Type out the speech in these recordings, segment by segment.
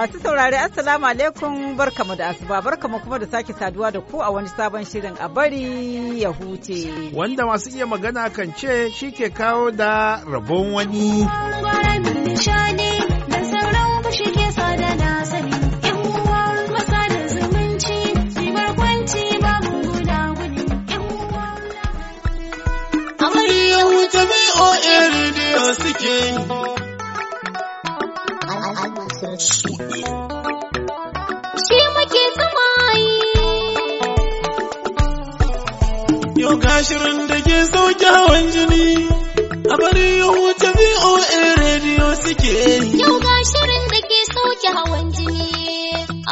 Masu saurare Assalamu alaikum barkamu da asuba barkamu kuma da sake saduwa da ku a wani sabon shirin a bari ya huce. Wanda masu iya magana kan ce shi ke kawo da rabon wani. Amari ya huce BOA Radio suke. su shi muke sama yi yau gashirin da ke sauke hawan jini a bari ya huce VOA radio suke yi yau gashirin da ke sauke hawan jini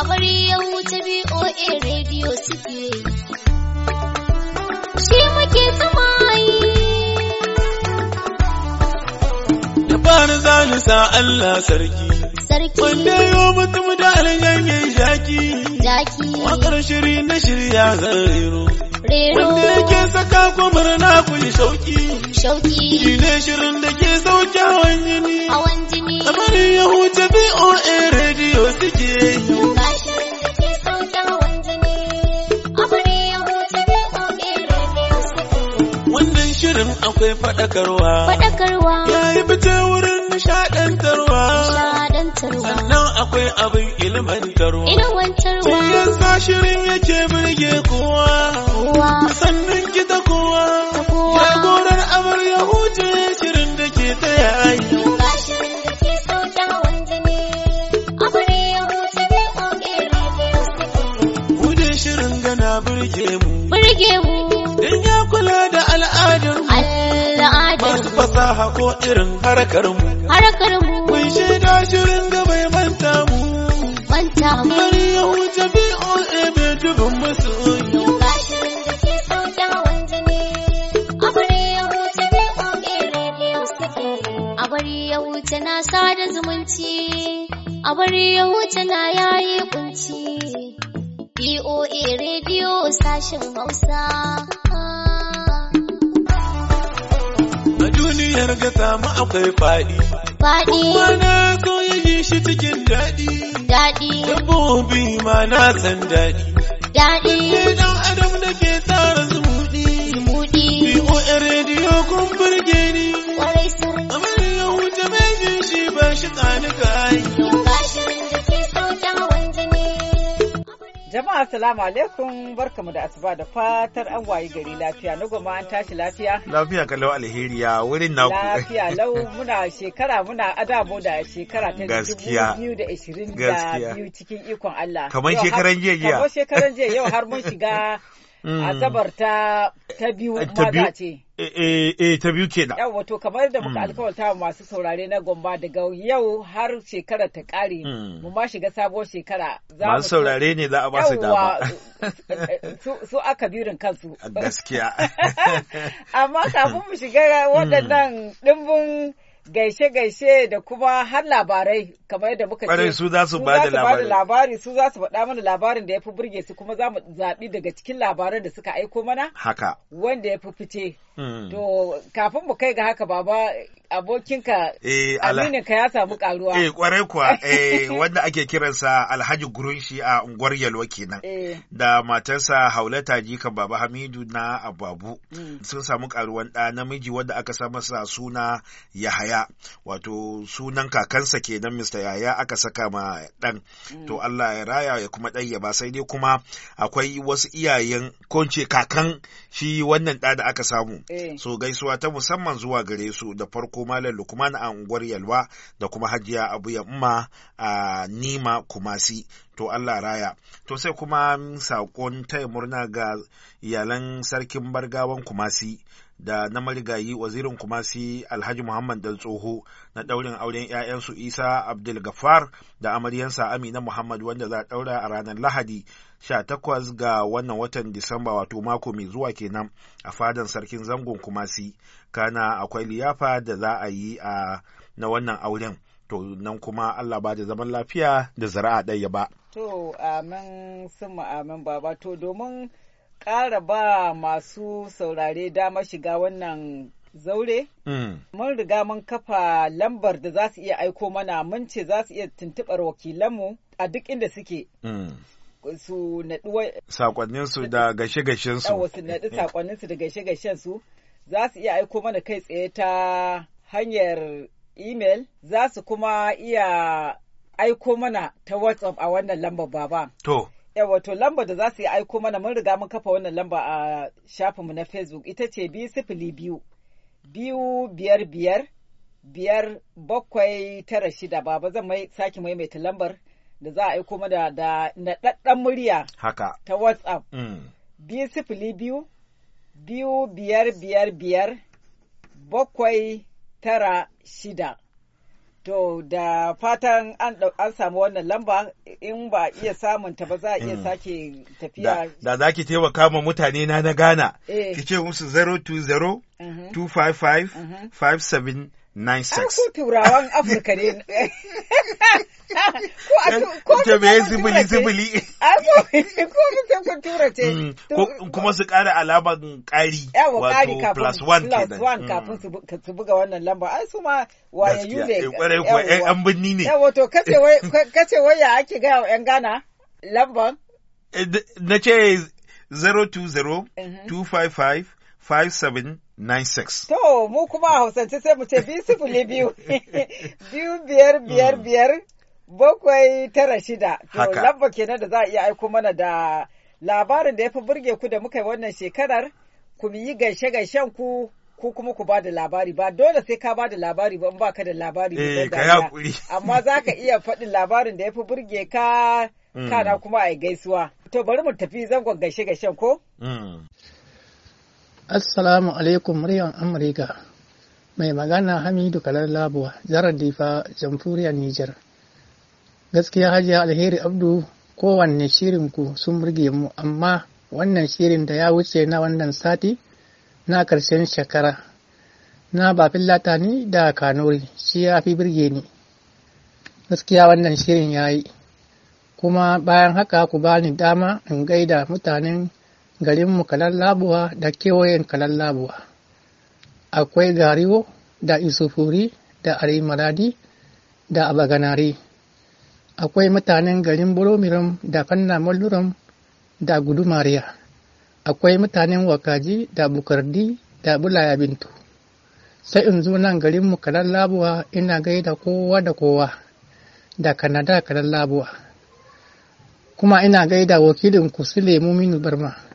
a bari ya huce VOA radio suke yi shi muke sama yi da bani zani sa Allah sarki sarki. Wanda yau mutum da ganyen shaki. Jaki. Wakar shiri na shirya zan rero. Rero. Wanda yake saka ku murna ku yi shauki. Shauki. Shi ne shirin da ke sauke hawan jini. Hawan jini. Kamar ya huce BOA rediyo suke yi. Wannan shirin akwai faɗakarwa. Faɗakarwa. Ya yi fice wurin nishadantarwa sannan akwai abin ilmantarwa ilmantarwa yasa shirin yake birge kowa sannan kita kowa jagorar amarya huce shirin da ke ta yayi shirin mu fasaha ko irin harkar mu. Harkar mu. Mun da shirin gaba ya manta mu. Manta mu. Bari ya wuce BOA mai dubin masoyi. ya wuce na sada zumunci a bari ya wuce na yayi kunci BOA rediyo sashen Hausa duniyar gata mu akwai faɗi. Faɗi. Mana so ya yi shi cikin daɗi. Daɗi. Dabbobi ma na san daɗi. Daɗi. Sai ɗan adam da ke tsara zumuɗi. Zumuɗi. o rediyo kun burge ni. Kwarai sun. Amma ya huce mai shi ba shi ƙanika. Jama'a salamu alaikum barkamu da asuba da fatar an wayi gari lafiya na goma an tashi lafiya. Lafiya kalau alheriya wurin naku. Lafiya lau muna shekara muna adabo da shekara ta dubu biyu da da biyu cikin ikon Allah. Kamar shekaran jiya jiya. Kamar shekaran jiya yau har mun shiga Mm. Asabar ta ta biyu eh, maza ce. Eh, eh, eh ta biyu ke da. Yau wato kamar da muka mm. alkawarta masu saurare na gomba daga yau har shekara ta kare mm. mu ma shiga sabuwar shekara. Masu saurare ne za a ba su dama. Su aka birin kansu. Gaskiya. Amma kafin mu shiga waɗannan ɗimbin gaishe-gaishe da kuma har labarai kamar da muka ce su za su bada labari su za su faɗa mana labarin da ya fi burge su kuma za mu zaɓi daga cikin labaran da suka aiko mana haka wanda ya fi fice Mm. To kafin mu kai ga haka baba abokinka eh, ka ya samu karuwa. Eh kwarai kuwa eh wanda ake kiransa Alhaji Gurunshi a unguwar Yalwa kenan. Eh. Da matarsa Haulata Jika Baba Hamidu na Ababu mm. sun samu karuwan ɗa namiji wanda aka sa masa suna Yahaya wato sunan kakansa kenan Mr. Yahaya aka saka ma dan. Mm. To Allah ya raya ya kuma ɗan ya ba sai dai kuma akwai wasu iyayen ko kakan shi wannan ɗa da aka samu Eh. So gaisuwa ta musamman zuwa gare su da farko Malam Lukman a unguwar Yalwa da kuma Hajiya Abu ya umma a Nima Kumasi to Allah raya. To sai kuma saƙon taya murna ga iyalan sarkin bargawan Kumasi da na marigayi wazirin kumasi alhaji muhammad dan tsoho na daurin auren 'ya'yansu isa abdul gafar da amaryansa amina muhammad wanda za a daura a ranar lahadi 18 ga wannan watan disamba wato mako mai zuwa kenan a fadan sarkin zangon kumasi kana akwai liyafa da za a yi a na wannan auren to nan kuma allah ba da zaman lafiya da zara'a ɗaya ba to amin sun amin baba to domin ƙara ba masu saurare damar shiga wannan zaure. Mm. Mun riga mun kafa lambar da za su iya aiko mana mun ce za su iya tuntuɓar wakilanmu a duk inda suke. Mm. Su naɗi saƙonninsu da gashe-gashensu. su naɗi saƙonninsu da gashe-gashensu za su iya aiko mana kai tsaye ta hanyar email za su kuma iya aiko mana ta WhatsApp a wannan lambar baba. To. wato lamba da za su yi aiko mana mun riga mun kafa wannan lamba a shafinmu na facebook ita ce biyu sifili biyu biyu biyar biyar biyar bakwai tara shida baba zan mai sake maimaita lambar da za a aiko mana da naɗaɗɗen murya ta whatsapp mm. biyu sifili biyu biyu biyar biyar biyar bakwai tara shida To da fatan an samu wannan lamba in ba iya samun ta ba za a iya mm. sake tafiya. Da za ki taimaka ma mutane na na Ghana, eh. ki ce musu 020 255 nine turawan Afirka ne. Ko me zibili zibili. Mm, ko tura Kuma su ƙara alaman ƙari. Yawa plus one mm. kafin su buga wannan lamba. Ai su ma wayayyu ne. Eh, birni ne. Yawa kace wai ake gaya wa ƴan Ghana lamban. Eh, na ce 020 255 5796. To, mu kuma a Hausance sai mu ce biyu sifili biyu, biyu biyar biyar mm. biyar bakwai tara shida. To, lamba kenan da za a iya aiko mana da labarin da ya fi burge ku da muka yi wannan shekarar, ku yi gaishe-gaishen ku ko kuma ku ba da labari ba dole sai ka ba da labari ba in ba ka da labari eh amma za ka iya faɗin labarin da ya fi burge ka mm. kana kuma a gaisuwa to bari mu tafi zangon gaishe gaishen ko mm. Assalamu alaikum muryar Amurka. Mai magana Hamidu Kalar Labuwa, Zarar Difa, Jamhuriyar Nijar. Gaskiya Hajiya Alheri Abdu kowanne shirin ku sun burge mu amma wannan shirin da ya wuce na wannan sati na karshen shekara na bafin latani da kanuri shi ya fi birge ni gaskiya wannan shirin ya yi kuma bayan haka ku bani dama in gaida mutanen garinmu kalallabuwa da kewayen kalallabuwa akwai gariwo da isufuri da arimaradi da abaganari akwai mutanen garin buromirom da fannamulluram da gudumariya akwai mutanen wakaji da bukardi da bulaya bintu sai in zo nan garinmu kalallabuwa ina gaida kowa da kowa da kanada kalallabuwa kuma ina gaida wakilin ku su lemu minu barma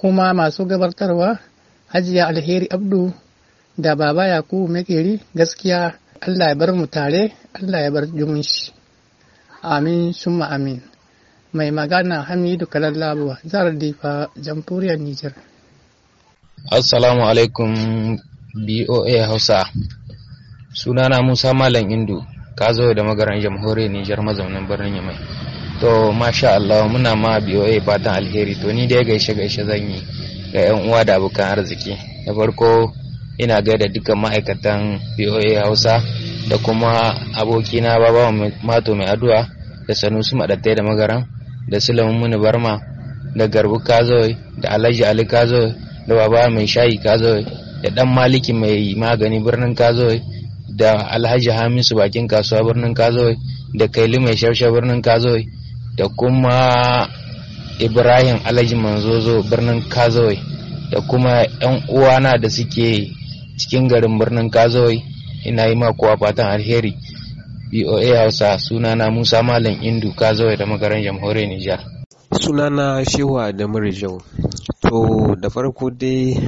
kuma masu gabatarwa hajiya alheri abdu da baba yakubu makeri gaskiya allah ya bar mu tare allah ya bar jumunci amin summa amin mai magana hamidu kalar labuwa, zarar difa jamfuriya nijar assalamu alaikum boa hausa sunana musa malam indu ka zo da magaran jamhuriyar nijar mazaunin birnin yamai to masha Allah muna ma BOA fatan alheri to ni dai gaishe gaishe zan yi ga yan uwa da abokan arziki na farko ina gaida dukkan ma'aikatan BOA Hausa da kuma abokina baba mato mai addu'a da sanusi madattai da magaran da sulamun muni barma da garbu kazoi da alhaji ali kazoi da baba mai shayi kazoi da dan maliki mai magani birnin kazoi da alhaji hamisu bakin kasuwa birnin kazoi da kaili mai sharshe birnin kazoi da kuma ibrahim alhaji manzozo birnin kazawai da kuma 'yan uwana da suke cikin garin birnin kazawai ina yi ma kowa fatan alheri boa hausa sunana musa malam indu kazawai da magaran jamhuriyar nijar sunana shewa da murijau to da farko dai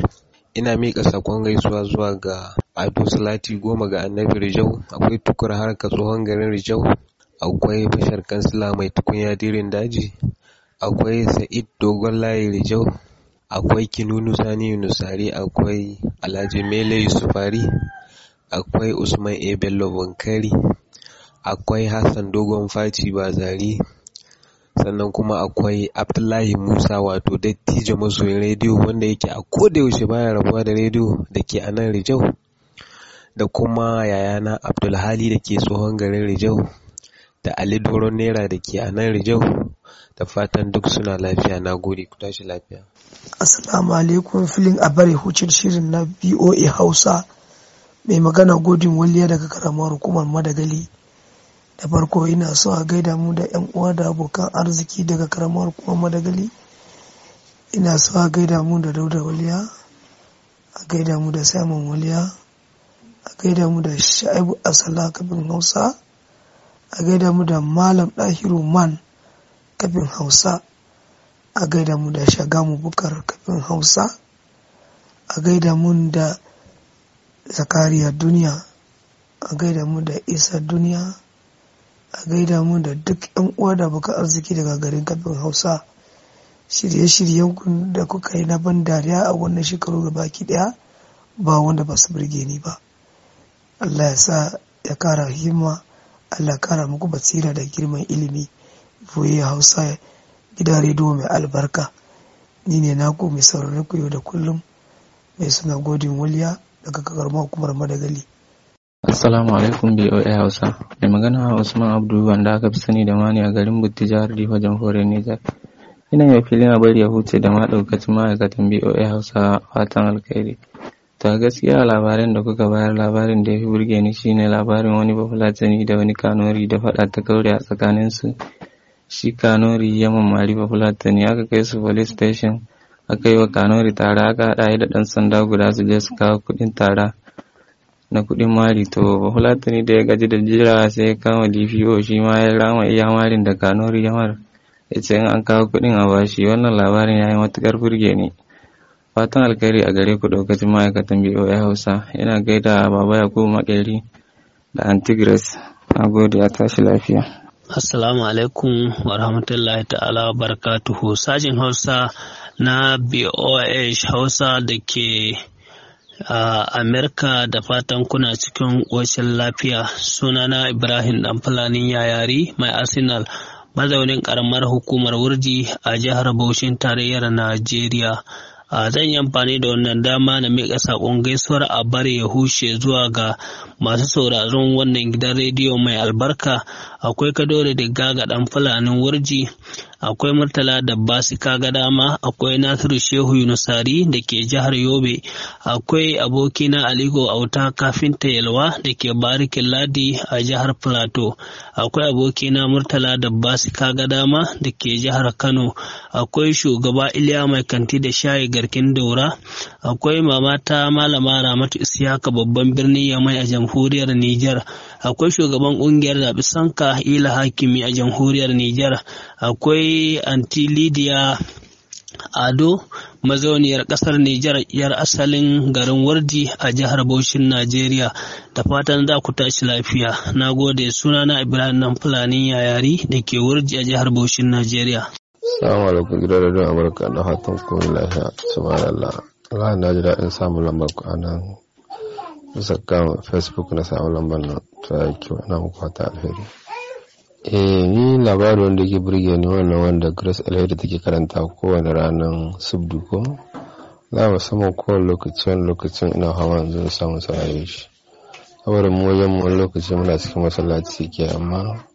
ina miƙa sakon gaisuwa zuwa ga ado salati goma ga annabi rijau akwai tukur harka tsohon garin rijau Akwai bashar kansila mai tukunya dirin daji, akwai Sa'id dogon layi Rijau, akwai Kinunu Sani nusari. akwai Alhaji Mele Yusufari, akwai Usman A. Bello Bankari, akwai Hassan Dogon Faci Bazari, sannan kuma akwai Abdullahi Musa wato dattijo masoyin rediyo wanda yake a koda yaushe baya rabuwa da rediyo da ke a nan Rijau da kuma yayana Abdulhali da ke tsohon garin Rijau da Ali Doro Naira da ke a nan Rijau da fatan duk suna lafiya. Na gode, ku tashi lafiya. Assalamu alaikum filin a bari hucin shirin na BOA Hausa mai magana godin waliya daga karamar hukumar Madagali. Da farko ina so a gaida mu da 'yan uwa da abokan arziki daga karamar hukumar Madagali. Ina so a gaida mu da Dauda Waliya, a gaida mu da Simon Waliya, a gaida mu da Sha'ibu Asala kafin Hausa. a gaida mu da malam ɗahiru man kafin hausa a gaida mu da shagamu bukar kafin hausa a gaida mun da zakariya duniya a gaida mu da isa duniya a gaida mu da duk yan uwa da buka arziki daga garin kafin hausa shirye-shiryen da kuka yi na ban dariya a wannan shekaru ga baki daya ba wanda ba su birge ni ba allah ya sa ya kara himma Allah kara muku basira da girman ilimi voa hausa gidan rediyo mai albarka ni ne naku mai sauraron ku yau da kullum mai suna godin waliya daga kakar hukumar madagali Assalamu alaikum BOA Hausa. Mai magana Usman Abdu wanda aka fi sani da mani a garin Butti jihar Rifa jamhuriyar Nijar. Ina yau filin a bari ya huce da ma daukacin ma'aikatan BOA Hausa fatan alkhairi. To gaskiya labarin da kuka bayar labarin da ya fi burge ni shine labarin wani bafulatani da wani kanori da faɗa ta kaure a tsakanin su Shi kanori ya mamari bafulatani aka kai su police station aka yi wa kanori tara aka haɗa da ɗan sanda guda su je su kawo kuɗin tara na kuɗin mari to bafulatani da ya gaji da jira sai ya kama DPO shi ma ya rama iya marin da kanori ya mara. Ya ce in an kawo kuɗin a bashi wannan labarin ya yi matukar burge ni. Fatan alkhairi a gare ku daukacin ma'aikatan BOA Hausa. Ina gaida Baba Yakubu Makeri da Antigras. Na gode ya tashi lafiya. Assalamu alaikum wa rahmatullahi ta'ala wa barakatuhu. Sajin Hausa na BOA Hausa da ke a uh, Amerika da fatan kuna cikin ƙoshin lafiya. Sunana Ibrahim fulanin Yayari mai Arsenal mazaunin ƙaramar hukumar Wurji a jihar Bauchin tarayyar Najeriya. a zan yi amfani da wannan dama na miƙa saƙon gaisuwar a bari ya hushe zuwa ga masu sauraron wannan gidan rediyo mai albarka akwai kadore da gaga dan fulanin wurji akwai murtala da basi ga dama akwai nasiru shehu yunusari da ke jihar yobe akwai abokina aliko auta kafinta yalwa da ke barikin ladi a jihar plateau akwai abokina murtala da basi ga dama da ke jihar kano akwai shugaba iliya mai kanti da shayi garkin daura akwai mamata malama ramatu isiyaka babban birnin yamai a jamhuriyar Nijar. akwai shugaban ƙungiyar zaɓi sanka ila hakimi a jamhuriyar Nijar, akwai anti Lidia Ado mazauniyar ƙasar Nijar yar asalin garin Wardi a jihar Bauchin Najeriya da fatan za ku tashi lafiya. Na gode sunana Ibrahim nan Fulani yayari da ke Wardi a jihar Bauchin Najeriya. Salamu alaikum gidan da Amurka da hatan kuma lafiya subhanallah. Allah na ji daɗin samun lambar ku a nan saka facebook na samu lambar na ta kiwa na muku alheri eh ni labarin wanda ke burge ni wannan wanda grace alheri take karanta kowane ranar subdu ko na musamman kowane lokacin lokacin ina hawa yanzu samu sarari shi saboda mu wajen mu lokaci muna cikin masallaci ke amma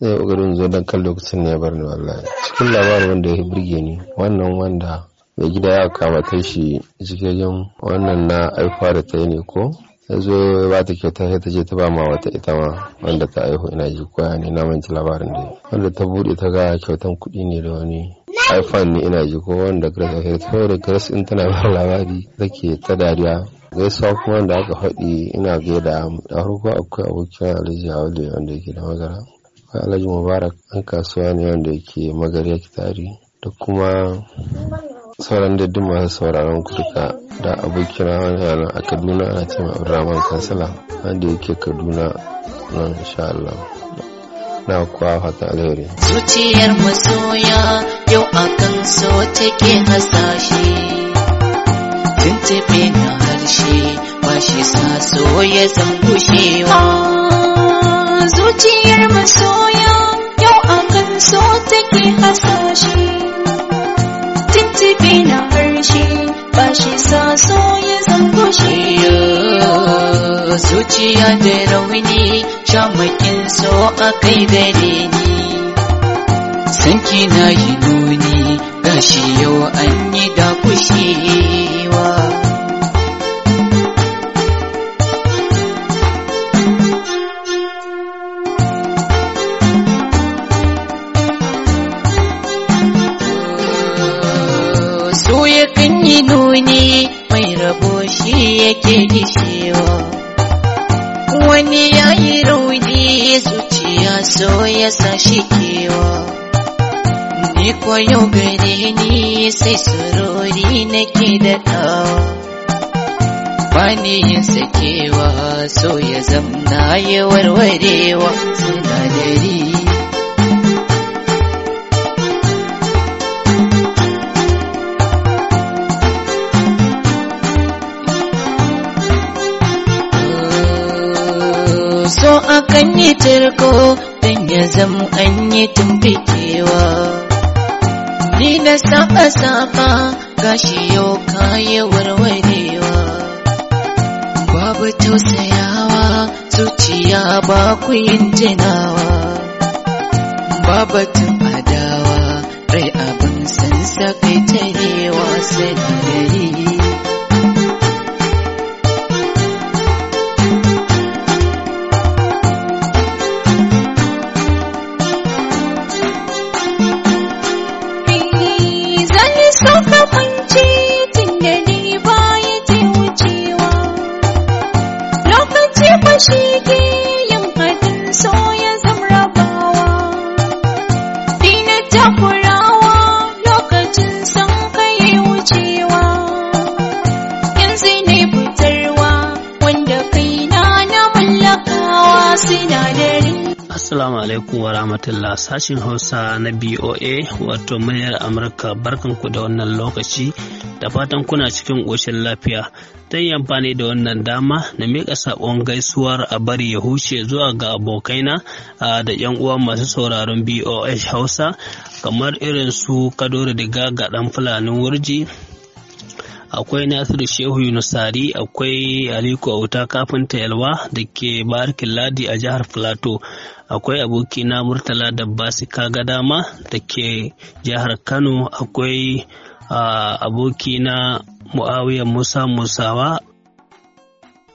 zai ƙoƙarin zo don kan lokacin ne ya bar ni wallahi cikin labarin wanda ya burge ni wannan wanda mai gida ya kamata shi jigegen wannan na aifa da ta yi ne ko ya zo ba ta kyauta sai ta je ta ba ma wata ita ma wanda ta aihu ina ji koya ne na manci labarin da wanda ta bude ta ga kyautan kuɗi ne da wani iphone ne ina ji ko wanda grace ta ta da grace in tana ba labari take ta dariya gaisuwa kuma wanda aka faɗi ina gaida da farko akwai abokin alhaji hawali wanda yake da magara akwai alhaji mubarak an kasuwa ne wanda yake magari ya tari da kuma sauran da duk masu sauraron ku da abokin wani a kaduna ana ce ma kansala wanda yake kaduna nan insha Allah na kuwa fata alheri zuciyar masoya yau akan so take hasashe tuntube na harshe ba shi sa so ya san gushewa zuciyar masoya yau akan so take hasashe shi sa so ya zango shi zuciya da rauni shamakin so a kai gare ni sanki na yi nuni gashi yau an yi da kushi yake dishewa wani ya yi rauni zuciya so ya sa shi kewa ni koyo gare ni sai surori nake da tawa bani yin sakewa so ya zamna ya warwarewa kan yi tarko don ya zama an yi ni na saba saba gashi yau kaye warwarewa babu tausayawa zuciya ba ku yin jinawa babu adawa rai abin san sakai tarewa sai gari Fatila sashin Hausa na BOA wato muryar Amurka barkanku da wannan lokaci da fatan kuna cikin ƙoshin lafiya. Zan yi amfani da wannan dama na miƙa saƙon gaisuwar a bari ya huce zuwa ga abokaina da 'yan uwa masu sauraron BOA Hausa kamar irin su Kadoro Diga ga ɗan Fulanin Wurji. akwai nasiru shehu yunusari akwai aliko auta kafinta yalwa da ke barkin ladi a jihar filato akwai abokina murtala da basi ga dama da ke jihar kano akwai abokina muawiya musa musawa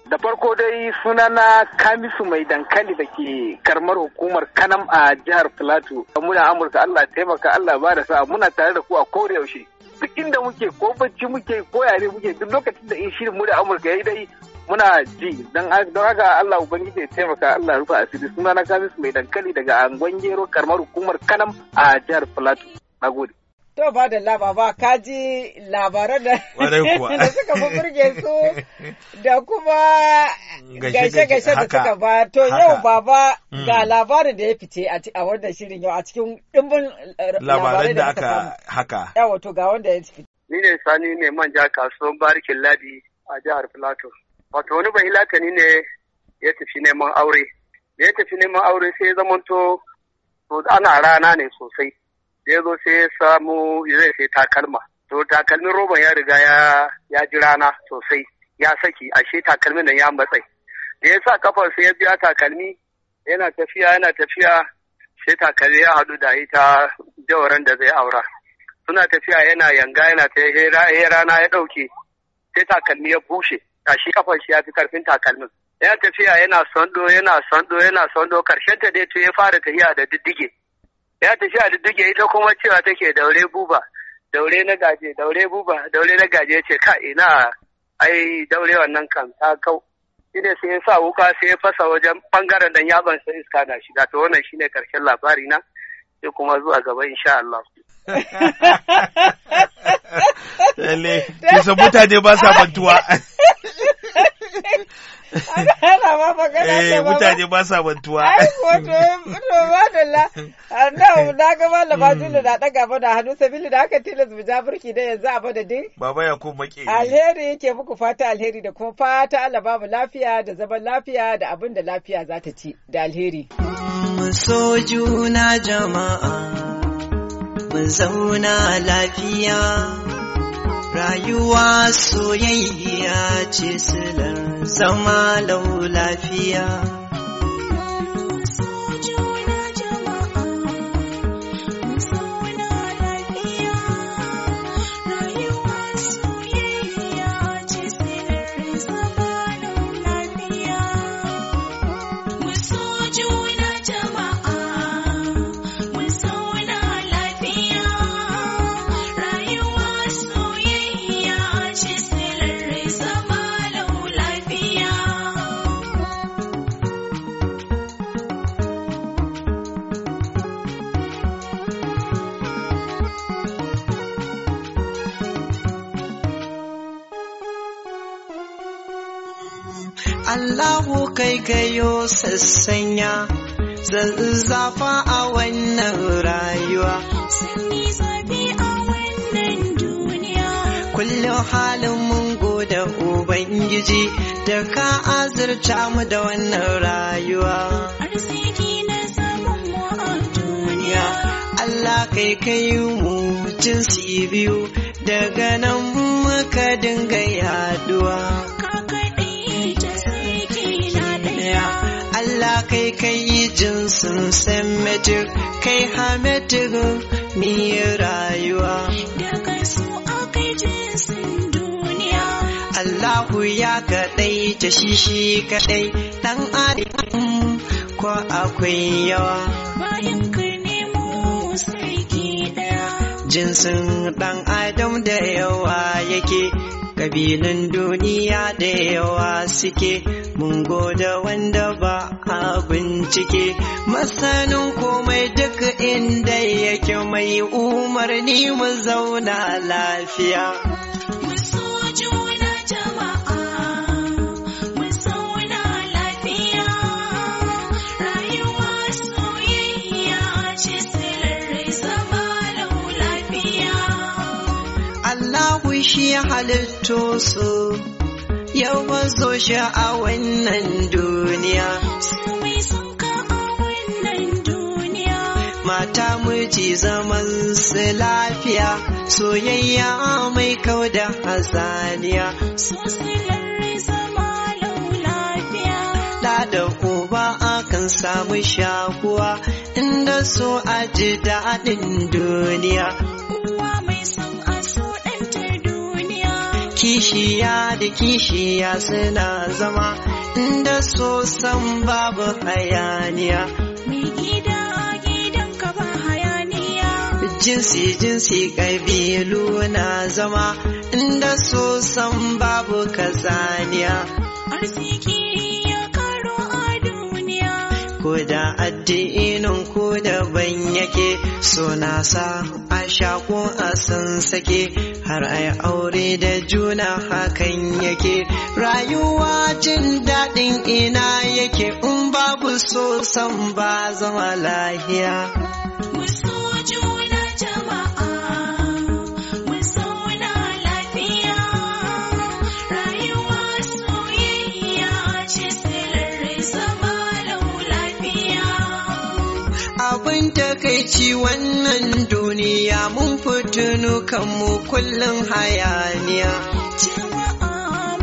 da farko dai suna na kamisu mai dankali da ke karmar hukumar kanam a jihar plateau muna amurka allah taimaka allah ba da sa'a muna tare da ku a kore yaushe duk inda muke ko bacci muke ko yare muke duk lokacin da in shirin mu da amurka ya yi dai muna ji don haka Allah ubangiji ya taimaka Allah rufa asiri suna na kamis mai dankali daga angon gero karamar hukumar kanam a jihar Filato gode. To ba da laba ka ji labaran da suka fi burge su da kuma gaishe-gaishe da suka ba. To yau baba hmm. ga labarin da ya fice a wannan shirin yau a cikin dimbin eh, labaran da aka haka. Yawa to ga wanda ya fice. Ni ne sani ne manja kasuwan barikin ladi a jihar Filato. Wato wani bahilatani ne ya tafi neman aure. Da ya tafi neman aure sai ya to ana rana ne sosai. Da ya zo sai ya samu zai sai takalma. To takalmin roban ya riga ya ji rana sosai. Ya saki ashe takalmin nan ya matsai. Da ya sa kafar sai ya biya takalmi yana tafiya yana tafiya sai takalmi ya haɗu da ita jawaran da zai aura. Suna tafiya yana yanga yana ta rana ya ɗauke sai takalmi ya bushe. tashi kafan shi ya fi karfin takalmin ya tafiya yana sando yana sando yana sando karshen ta dai ya fara tafiya da diddige ya tafiya da diddige ita kuma cewa take daure buba daure na gaje daure buba daure na gaje ce ka ina ai daure wannan kan ta kau Ine sai ya sa wuka sai ya fasa wajen bangaren dan yaban sai iska na shiga to wannan shine karshen labari na sai kuma zuwa gaba insha Allah Lalle, kisan mutane ba sa mantuwa. Ana ma magana da ba. mutane ba sa mantuwa. Ai, wato, to ba da la. Na eh. na ga malama hmm. Julu na daga ba da hannu sabili da haka tilas mu jabirki da yanzu a bada dai. Baba ya ko make. Alheri yake muku fata alheri da kuma fata Allah babu lafiya da zaman lafiya da abin da lafiya za ta ci da alheri. Mu so juna jama'a. mu zauna lafiya rayuwa soyayya ce silar zama lau lafiya Allahu kai gayo sassanya zafa a wannan rayuwa. Kullum halin mun gode Ubangiji da ka azurta mu da wannan rayuwa. Arziki na samun mu a duniya. Allah kai kai mu jinsi biyu daga nan muka dinga yaduwa. la kai kai jinsin semitic kai hamitic mi rayuwa. Daga su akai jinsin duniya. Allahu ya kaɗai ta shishi shi kaɗai ɗan adam ko akwai yawa. Bayan ka nemo sai ki ɗaya. Jinsin ɗan adam da yawa yake. kabilun duniya da yawa suke mun goda wanda ba a bincike masanin komai duk inda yake mai umarni mu zauna lafiya shi halitto su yawa zo shi a wannan duniya mata miji zaman su lafiya soyayya mai kau da hazaniya da uba akan samu shakuwa inda so a ji daɗin duniya uwa mai son kishiya da kishiya suna zama inda so san babu hayaniya gidan ka ba hayaniya. jinsi jinsi ƙabilu na zama inda so san babu kazaniya arziki da addinin ku daban yake suna sa a shaku a san sake har ai aure da juna hakan yake rayuwa jin daɗin ina yake in babu so san ba zama lahiya. ci wannan duniya mun fitinu kanmu kullum hayaniya. Ah,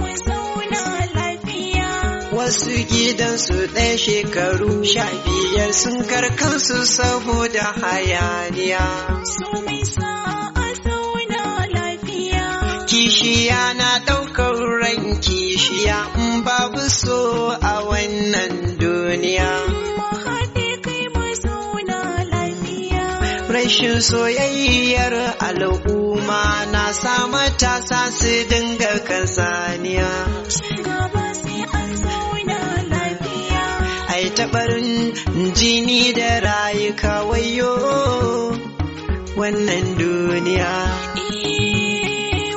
wasu gidansu ɗaya shekaru sha biyar sun karkansu saboda hayaniya. Kishiya na ɗaukar ran kishiya in babu so a wannan duniya. Kishin soyayyar al'umma na sa matasa su dinga kasaniya. Ai taɓarin jini da rayuka wayo wannan duniya. Eh,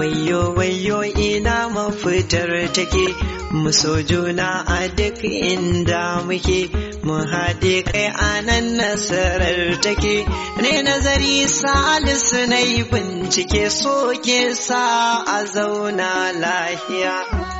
wayo wayo ina mafitar take. mu juna a duk inda muke mu haɗe kai a nan nasarar take ne nazari salisu na yi bincike soke sa a zauna lahiya